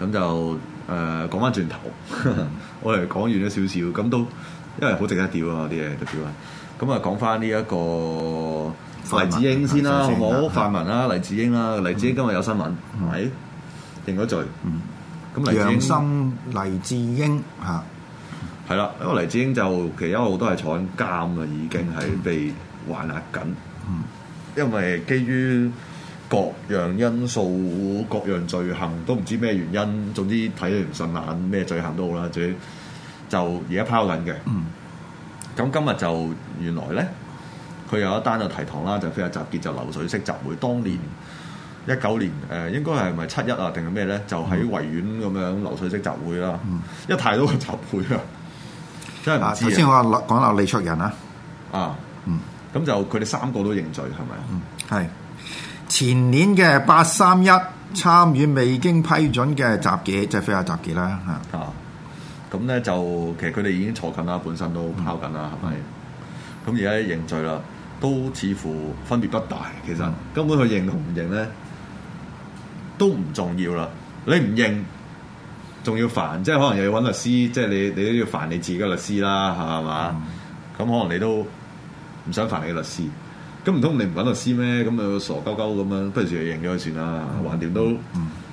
咁就誒講翻轉頭， 我哋講遠咗少少，咁都因為好值得屌啊啲嘢，特別啊。咁啊講翻呢一個黎智英先啦，好，泛民啦，黎智英啦，吧黎智英今日有新聞，係、嗯、認咗罪。咁、嗯、黎智英，心黎智英吓，係、嗯、啦，因為黎智英就其實一路都係坐緊監已經係被還押緊，嗯、因為基於。各樣因素、各樣罪行都唔知咩原因，總之睇你唔順眼，咩罪行都好啦，最就而家拋緊嘅。咁、嗯、今日就原來咧，佢有一單就提堂啦，就非法集結就流水式集會。當年一九年誒、呃，應該係咪七一啊？定係咩咧？就喺維園咁樣流水式集會啦。嗯、一太多集會啊，真係頭先我講下李卓人啦。啊，嗯、啊，咁就佢哋三個都認罪係咪？嗯，係。前年嘅八三一參與未經批准嘅集結，即係非法集結啦嚇。啊，咁咧就其實佢哋已經坐緊啦，本身都跑緊啦，係、嗯。咁而家認罪啦，都似乎分別不大。其實根本佢認唔認咧，都唔重要啦。你唔認，仲要煩，即係可能又要揾律師，即係你你都要煩你自己嘅律師啦，係嘛？咁、嗯、可能你都唔想煩你嘅律師。咁唔通你唔揾律師咩？咁啊傻鳩鳩咁樣，不如就認咗佢算啦，橫掂都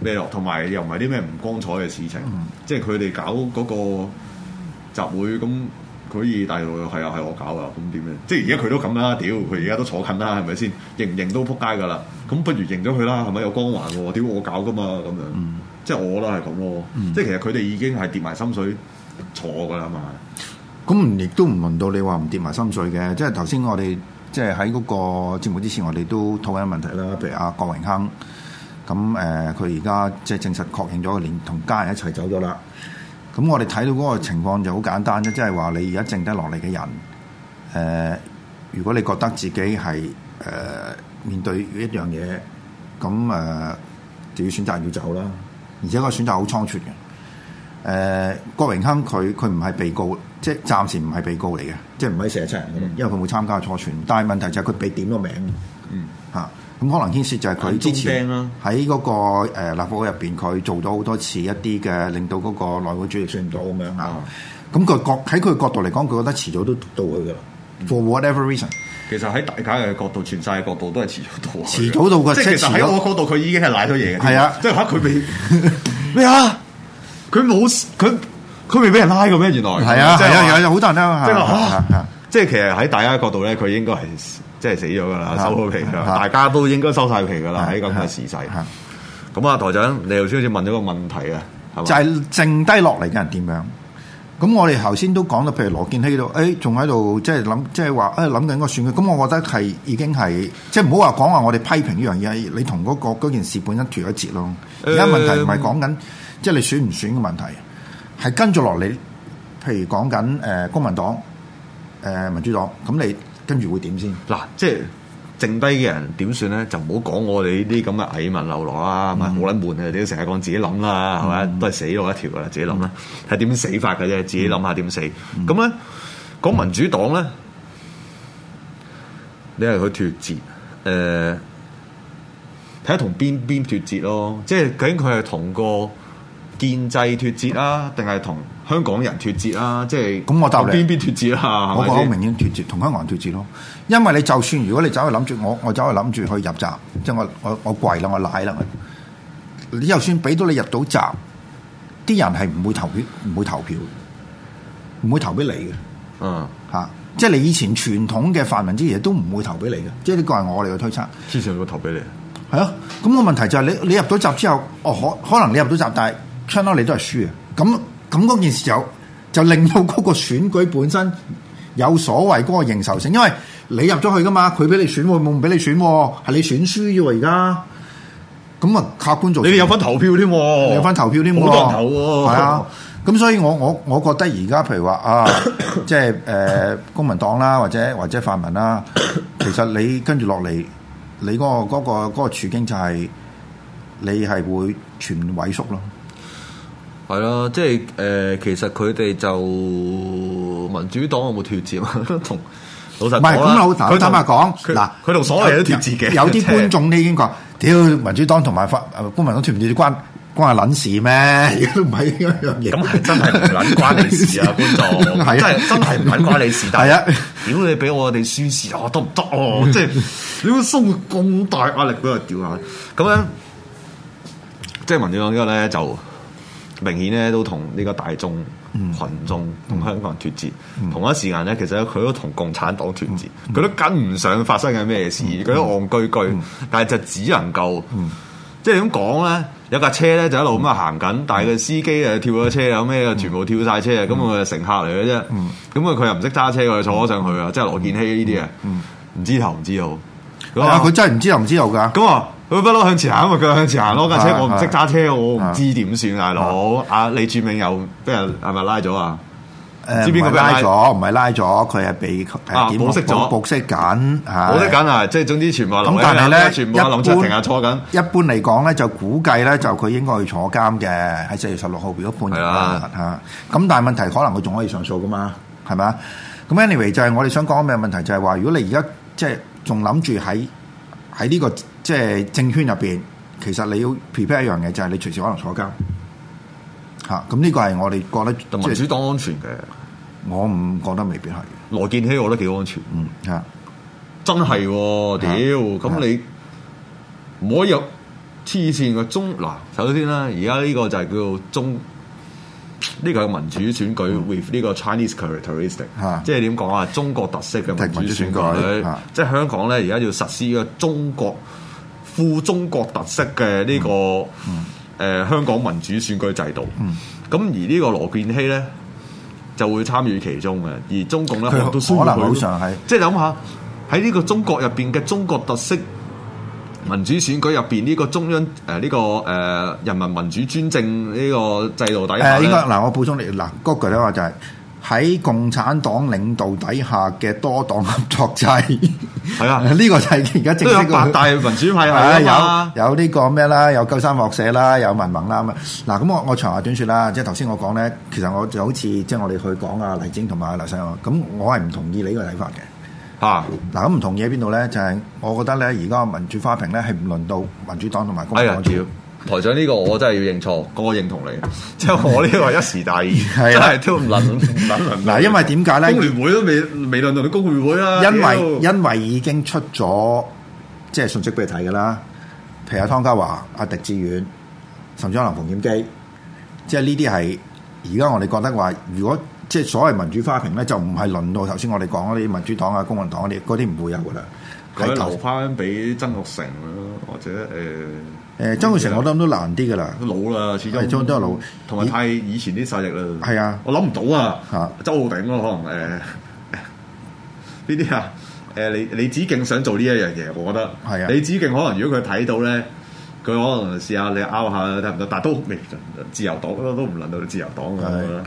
咩咯？同埋又唔係啲咩唔光彩嘅事情，即係佢哋搞嗰個集會，咁佢以大陸係啊係我搞啊，咁點樣？即係而家佢都咁啦，屌佢而家都坐近啦，係咪先？認唔認都扑街噶啦，咁不如認咗佢啦，係咪有光環喎？屌我搞噶嘛，咁樣，即係我啦係咁咯，即係其實佢哋已經係跌埋心水坐噶啦嘛。咁亦都唔輪到你話唔跌埋心水嘅，即係頭先我哋。即係喺嗰個節目之前，我哋都討緊問題啦，譬如阿郭榮鏗，咁誒佢而家即係證實確認咗，連同家人一齊走咗啦。咁我哋睇到嗰個情況就好簡單啫，即係話你而家剩低落嚟嘅人，誒、呃，如果你覺得自己係誒、呃、面對一樣嘢，咁誒、呃、就要選擇要走啦，而且個選擇好倉促嘅。誒郭榮鏗佢佢唔係被告，即係暫時唔係被告嚟嘅，即係唔可以寫出嚟嘅，因為佢冇參加錯傳。但係問題就係佢被點咗名，嗯咁可能牽涉就係佢之前喺嗰個立法會入邊，佢做咗好多次一啲嘅令到嗰個內會主義算唔到咁樣啊。咁佢角喺佢角度嚟講，佢覺得遲早都到佢噶啦。For whatever reason，其實喺大家嘅角度、全世界角度都係遲早到。遲早到嘅，即係其實喺我角度，佢已經係賴咗嘢嘅。係啊，即係嚇佢被咩啊？佢冇佢佢未俾人拉過咩？原來係啊係啊，有有好多人聽啊！即係即係其實喺大家角度咧，佢應該係即係死咗噶啦，收咗皮啦，大家都應該收晒皮噶啦喺咁嘅時勢。咁啊，台長，你又先至問咗個問題啊？就係剩低落嚟嘅人點樣？咁我哋頭先都講到，譬如羅健熙度，誒仲喺度，即係諗，即係話，誒諗緊個選舉。咁我覺得係已經係，即係唔好話講話，我哋批評呢樣嘢，你同嗰個嗰件事本身脫一節咯。而家問題唔係講緊。即係你選唔選嘅問題，係跟住落嚟，譬如講緊誒公民黨、誒民主黨，咁你跟住會點先？嗱，即係剩低嘅人點算咧？就唔好講我哋呢啲咁嘅蟻民流羅啊，唔係冇捻悶啊！你成日講自己諗啦，係咪？都係死路一條啦，自己諗啦，係點死法嘅啫？自己諗下點死。咁咧講民主黨咧，你係去脱節，誒睇下同邊邊脱節咯？即係究竟佢係同個？建制脱節啦、啊，定係同香港人脱節啦、啊？即係咁，我就邊邊脱節啦、啊。我覺得我明顯脱節，同香港人脱節咯。因為你就算如果你走去諗住我，我走去諗住去入閘，即係我我我跪啦，我奶啦，你就算俾到你入到閘，啲人係唔會投票，唔會投票，唔會投俾你嘅。嗯，嚇、啊，即係你以前傳統嘅泛民之嘢都唔會投俾你嘅，即係呢個係我哋嘅推測。支持佢投俾你，係啊，咁個問題就係你你入到閘之後，哦可可能你入到閘，但穿落嚟都係輸啊！咁咁嗰件事就就令到嗰個選舉本身有所謂嗰個認受性，因為你入咗去噶嘛，佢俾你選，我唔俾你選，係你選輸啫喎！而家咁啊，客觀做你哋有份投票添，你有份投票添，冇得投喎，係啊！咁所以我，我我我覺得而家譬如話啊，即係誒公民黨啦，或者或者泛民啦， 其實你跟住落嚟，你嗰個嗰個嗰個處境就係，你係會全萎縮咯。係啦，即係誒，其實佢哋就民主黨有冇脫節啊？同老實唔係咁佢坦白講，嗱，佢同所有都脫節嘅。有啲觀眾都已經講：屌，民主黨同埋泛民黨脫唔脫節關關下卵事咩？都唔係一樣嘢。咁係真係唔卵關你事啊！觀眾真係真係唔卵關你事。但係啊！如果你俾我哋輸蝕我都唔得咯？即係屌鬆咁大壓力俾佢屌下，咁樣即係民主黨呢個咧就。明顯咧都同呢個大眾、群眾同香港人脫節，同一時間咧其實佢都同共產黨脫節，佢都跟唔上發生緊咩事，佢都戇居居，但係就只能夠，即係點講咧？有架車咧就一路咁啊行緊，但係個司機啊跳咗車啊咩啊，全部跳晒車啊，咁佢乘客嚟嘅啫，咁啊佢又唔識揸車，佢坐咗上去啊，即係羅健熙呢啲啊，唔知頭唔知路，佢真係唔知頭唔知路噶，咁啊。佢不嬲向前行，咪佢向前行咯架車。我唔識揸車，我唔知點算大佬，啊，李柱銘又俾人係咪拉咗啊？唔知邊個俾拉咗？唔係拉咗，佢係被啊，保釋咗，保釋緊，保釋緊啊！即係總之全部咁，但係咧，一般嚟講咧就估計咧就佢應該去坐監嘅，喺四月十六號，畀咗判刑吓。咁但係問題可能佢仲可以上訴噶嘛？係咪啊？咁 anyway 就係我哋想講嘅問題就係話，如果你而家即係仲諗住喺喺呢個。即係政圈入邊，其實你要 prepare 一樣嘢，就係、是、你隨時可能坐監。嚇、啊，咁呢個係我哋覺得，即係民主黨安全嘅。我唔覺得未必係。羅建熙，我覺得幾安全。嗯，嚇，真係、哦，嗯、屌，咁你唔可以有黐線嘅中嗱。首先咧，而家呢個就係叫做中，呢、呢個民主選舉 with 呢個 Chinese characteristic，、嗯、即係點講啊？中國特色嘅民主選舉，選舉即係香港咧，而家要實施一個中國。富中國特色嘅呢、這個誒、嗯嗯呃、香港民主選舉制度，咁、嗯、而呢個羅健熙咧就會參與其中嘅，而中共咧她都可能會，她她常即係諗下喺呢個中國入邊嘅中國特色民主選舉入邊呢個中央誒呢個誒人民民主專政呢個制度底下，誒、呃、應該嗱我補充你嗱嗰句咧話就係、是。喺共產黨領導底下嘅多黨合作制，係啊的，呢 個就係而家正式個八大民主派系、 啊、啦，有有呢個咩啦，有九三學社啦，有民盟啦咁啊。嗱，咁我我長話短說啦，即係頭先我講咧，其實我就好似即係我哋去講啊，黎晶同埋阿劉尚，咁我係唔同意你呢個睇法嘅。吓、啊，嗱咁唔同意喺邊度咧？就係、是、我覺得咧，而家民主花瓶咧係唔輪到民主黨同埋公民黨。台長呢、這個我真係要認錯，哥認同你，即係 我呢個一時大意， 的真係都唔諗嗱， 因為點解咧？工聯會都未未輪到你工聯會啊？因為 因為已經出咗即係信息，俾你睇噶啦，譬如，阿湯家驊、阿、啊、狄志遠、甚至可能馮檢基，即係呢啲係而家我哋覺得話，如果即係所謂民主花瓶咧，就唔係輪到頭先我哋講嗰啲民主黨啊、公民黨，我嗰啲唔會有噶啦，佢留翻俾曾鈺成或者誒。呃誒曾俊成，我諗都，都難啲噶啦，老啦，始終都、哎、都老，同埋太，太以前啲勢力啦。係啊，我諗唔到啊。嚇、啊，周浩鼎咯、啊，可能誒呢啲啊？誒、哎、李李梓敬想做呢一樣嘢，我覺得係啊。李梓敬可能如果佢睇到咧，佢可能試，試你下你拗下睇唔到，但係都未自由黨都都唔輪到自由黨咁樣。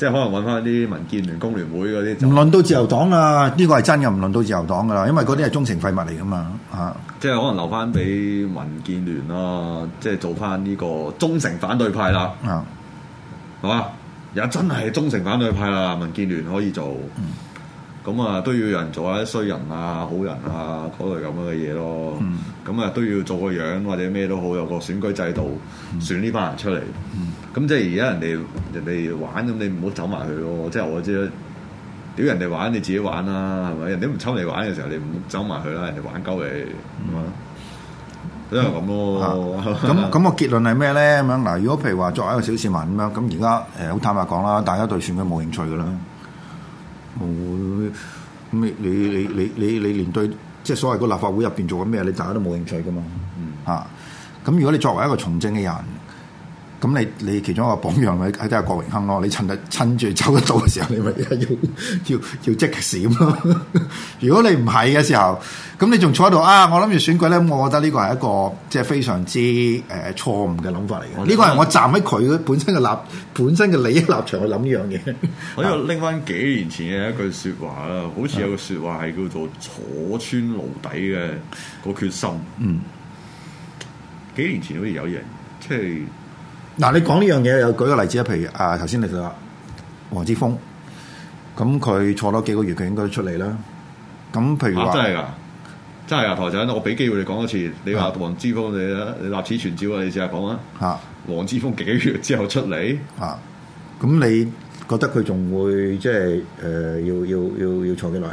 即係可能揾翻啲民建聯、工聯會嗰啲，唔輪到自由黨啦，呢個係真嘅，唔輪到自由黨噶啦，因為嗰啲係忠誠廢物嚟噶嘛，啊！即係可能留翻俾民建聯咯，即係做翻呢個忠誠反對派啦，啊，係嘛？而家真係忠誠反對派啦，民建聯可以做，咁啊都要有人做下啲衰人啊、好人啊嗰類咁樣嘅嘢咯。嗯咁啊都要做個樣或者咩都好，有個選舉制度選呢班人出嚟。咁、嗯、即係而家人哋人哋玩，咁你唔好走埋去咯。即係我知，屌人哋玩，你自己玩啦，係咪？人哋唔抽你玩嘅時候，你唔好走埋去啦。人哋玩鳩你，係咪？都係咁咯。咁咁、啊個結論係咩咧？咁樣嗱，如果譬如話作為一個小市民咁樣，咁而家誒好坦白講啦，大家對選舉冇興趣㗎啦。冇、嗯、咁你你你你你，你，你連對？即係所謂個立法會入邊，做緊咩？你大家都冇興趣噶嘛嗯、吓。咁、啊、如果你作為一個從政嘅人，咁你你其中一個榜樣咪係即係郭榮鏗咯？你趁日趁住走得到嘅時候，你咪要要要即時咯！ 如果你唔係嘅時候，咁你仲坐喺度啊？我諗住選舉咧，我覺得呢個係一個即係非常之誒、呃、錯誤嘅諗法嚟嘅。呢個係我站喺佢本身嘅立本身嘅利益立場去諗呢樣嘢。我呢度拎翻幾年前嘅一句説話啦，的好似有個説話係叫做坐穿牢底嘅、個決心。嗯，幾年前好似有人即係。嗱，你講呢樣嘢又舉個例子啊，譬如啊頭先你話黃之鋒，咁佢坐多幾個月佢應該都出嚟啦。咁譬如話真係噶，真係啊台長，我俾機會你講一次。你話黃之鋒你咧，你立此存照啊，你試下講啊。啊，黃之鋒幾個月之後出嚟啊，咁你覺得佢仲會即係誒要要要要坐幾耐？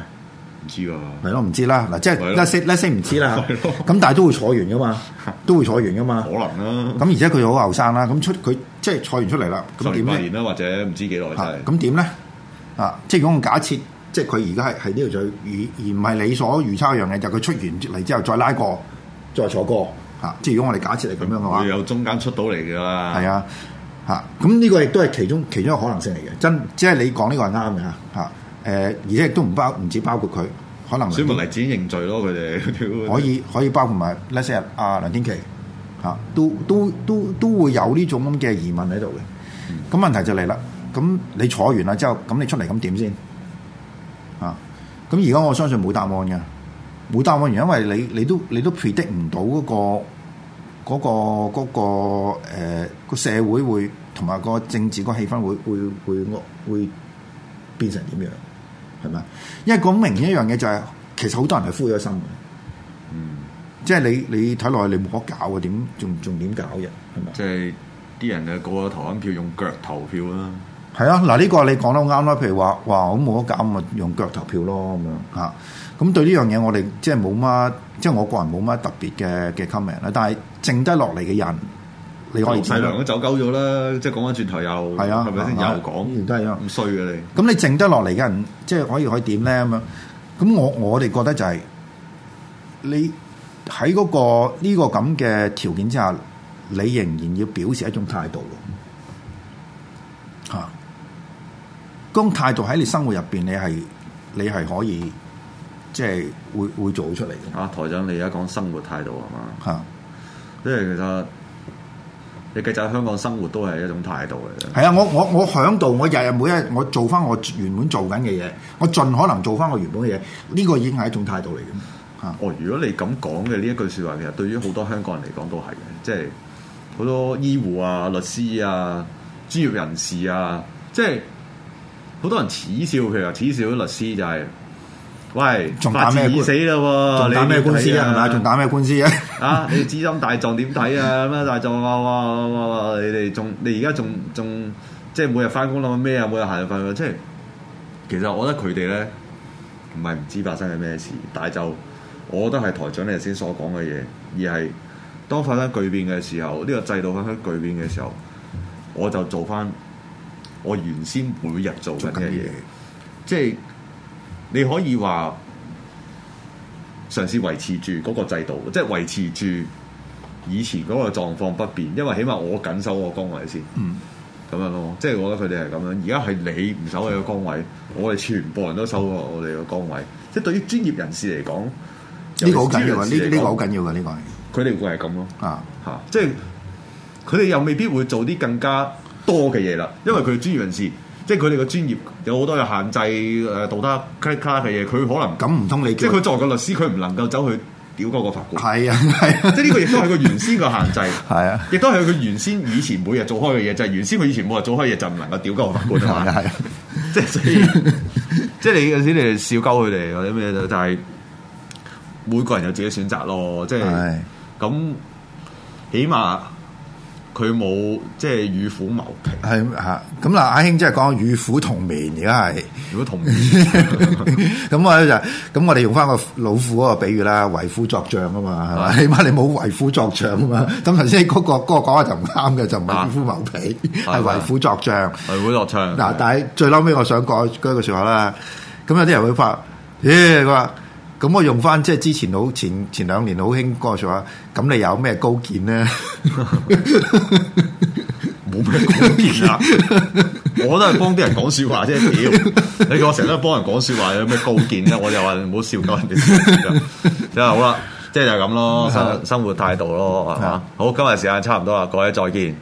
知啊，係咯，唔知啦，嗱，即係，let's say 唔知啦，咁但係都會坐完噶嘛，都會坐完噶嘛，可能啦，咁而且佢又好後生啦，咁出佢即係坐完出嚟啦，坐幾耐年啦，或者唔知幾耐，咁點咧？啊，即係如果我假設，即係佢而家係係呢度就，預，而唔係你所預測一樣嘢，就佢出完嚟之後再拉過，再坐過，吓，即係如果我哋假設係咁樣嘅話，有中間出到嚟嘅啦，係啊，吓，咁呢個亦都係其中其中一個可能性嚟嘅，真，即係你講呢個係啱嘅吓。誒、呃，而且亦都唔包，唔止包括佢，可能所以嚟例認罪咯，佢哋可以可以包括埋 Let's say 阿梁天琦，嚇、啊，都都都都會有呢種咁嘅疑問喺度嘅。咁、嗯、問題就嚟啦，咁你坐完啦之後，咁你出嚟咁點先啊？咁而家我相信冇答案嘅，冇答案完，因為你你都你都 predict 唔到嗰、那個嗰、那個嗰、那個呃、社會會同埋個政治個氣氛會會會惡會，會變成點樣？係嘛？因為講明顯一樣嘢就係、是，其實好多人係灰咗心嘅，嗯，即係你你睇落去你冇得搞嘅，點仲仲點搞嘅？係咪人？嗎即係啲人啊，個個投緊票用腳投票啦。係啊，嗱呢、啊這個你講得好啱啦。譬如話，哇，我冇得搞，咁咪用腳投票咯咁、嗯、樣嚇。咁對呢樣嘢我哋即係冇乜，即係我個人冇乜特別嘅嘅 comment 啦。但係剩低落嚟嘅人。你我而家善良都走鳩咗啦，即係講翻轉頭又係啊，係咪先又講，都係咁衰嘅你。咁你剩得落嚟嘅人，即係可以可以點咧咁樣呢？咁我我哋覺得就係你喺嗰個呢個咁嘅條件之下，你仍然要表示一種態度咯。嚇！嗰種態度喺你生活入邊，你係你係可以即係會會做出嚟嘅。啊，台長，你而家講生活態度係嘛？嚇！因為其實。你繼續喺香港生活都係一種態度嚟嘅。係啊，我我我響度，我日日每一日我做翻我原本做緊嘅嘢，我盡可能做翻我原本嘅嘢，呢、這個已經係一種態度嚟嘅。啊，哦，如果你咁講嘅呢一句説話，其實對於好多香港人嚟講都係嘅，即係好多醫護啊、律師啊、專業人士啊，即係好多人恥笑佢啊，譬如恥笑啲律師就係、是。喂，仲打咩、啊、官司啊？係咪、啊？仲打咩官司啊？ 啊！你資深大狀點睇啊？咩大狀啊！哇哇哇哇你哋仲你而家仲仲即係每日翻工諗緊咩啊？每日行咗翻工即係，其實我覺得佢哋咧唔係唔知，知發生緊咩事，但就我覺得係台長你頭先所講嘅嘢，而係當發生巨變嘅時候，呢、這個制度發生巨變嘅時候，我就做翻我原先每日做緊嘅嘢，即係、就是。你可以話嘗試維持住嗰個制度，即係維持住以前嗰個狀況不變，因為起碼我緊守我崗位先，咁、嗯、樣咯。即係我覺得佢哋係咁樣。而家係你唔守你個崗位，嗯、我哋全部人都守我我哋個崗位。嗯、即係對於專業人士嚟講，呢個好緊要㗎。呢、呢、呢個好緊要㗎。呢個佢哋會係咁咯。啊嚇，即係佢哋又未必會做啲更加多嘅嘢啦，因為佢專業人士。即係佢哋個專業有好多嘅限制，誒道德 cut 嘅嘢，佢可能咁，唔通你即係佢作為個律師，佢唔能夠走去屌鳩個法官。係啊，啊即係呢個亦都係個原先嘅限制。係啊，亦都係佢原先以前每日做開嘅嘢，就係、是、原先佢以前每日做開嘢，就唔能夠屌鳩個法官。係啊，即係、啊、所以，即係、 就是、你有時你哋笑鳩佢哋或者咩就係每個人有自己選擇咯。即係咁、啊，起碼。佢冇即係與虎謀皮，係啊！咁嗱，阿祥即係講與虎同眠，而家係如果同眠咁我就咁我哋用返個老虎嗰個比喻啦，為虎作倀啊嘛，係嘛的？起碼你冇為虎作倀啊嘛！咁頭先嗰個哥、那個、講話就唔啱嘅，就唔係與虎謀皮，係的的為虎作倀。為虎作倀嗱，但係最嬲尾我想講嗰句説話啦。咁、嗯、有啲人會發，咦、哎？佢、哎、話。哎哎咁我用翻即係之前好前前兩年好興嗰句說話，咁你有咩高見咧？冇咩 高見啊！我都係幫啲人講說話啫。屌，你叫我成日都幫人講說話，有咩高見咧？我就話唔好笑夠人哋真先。好啦，即係就咁咯，生生活態度咯，係嘛？好，今日時間差唔多啦，各位再見。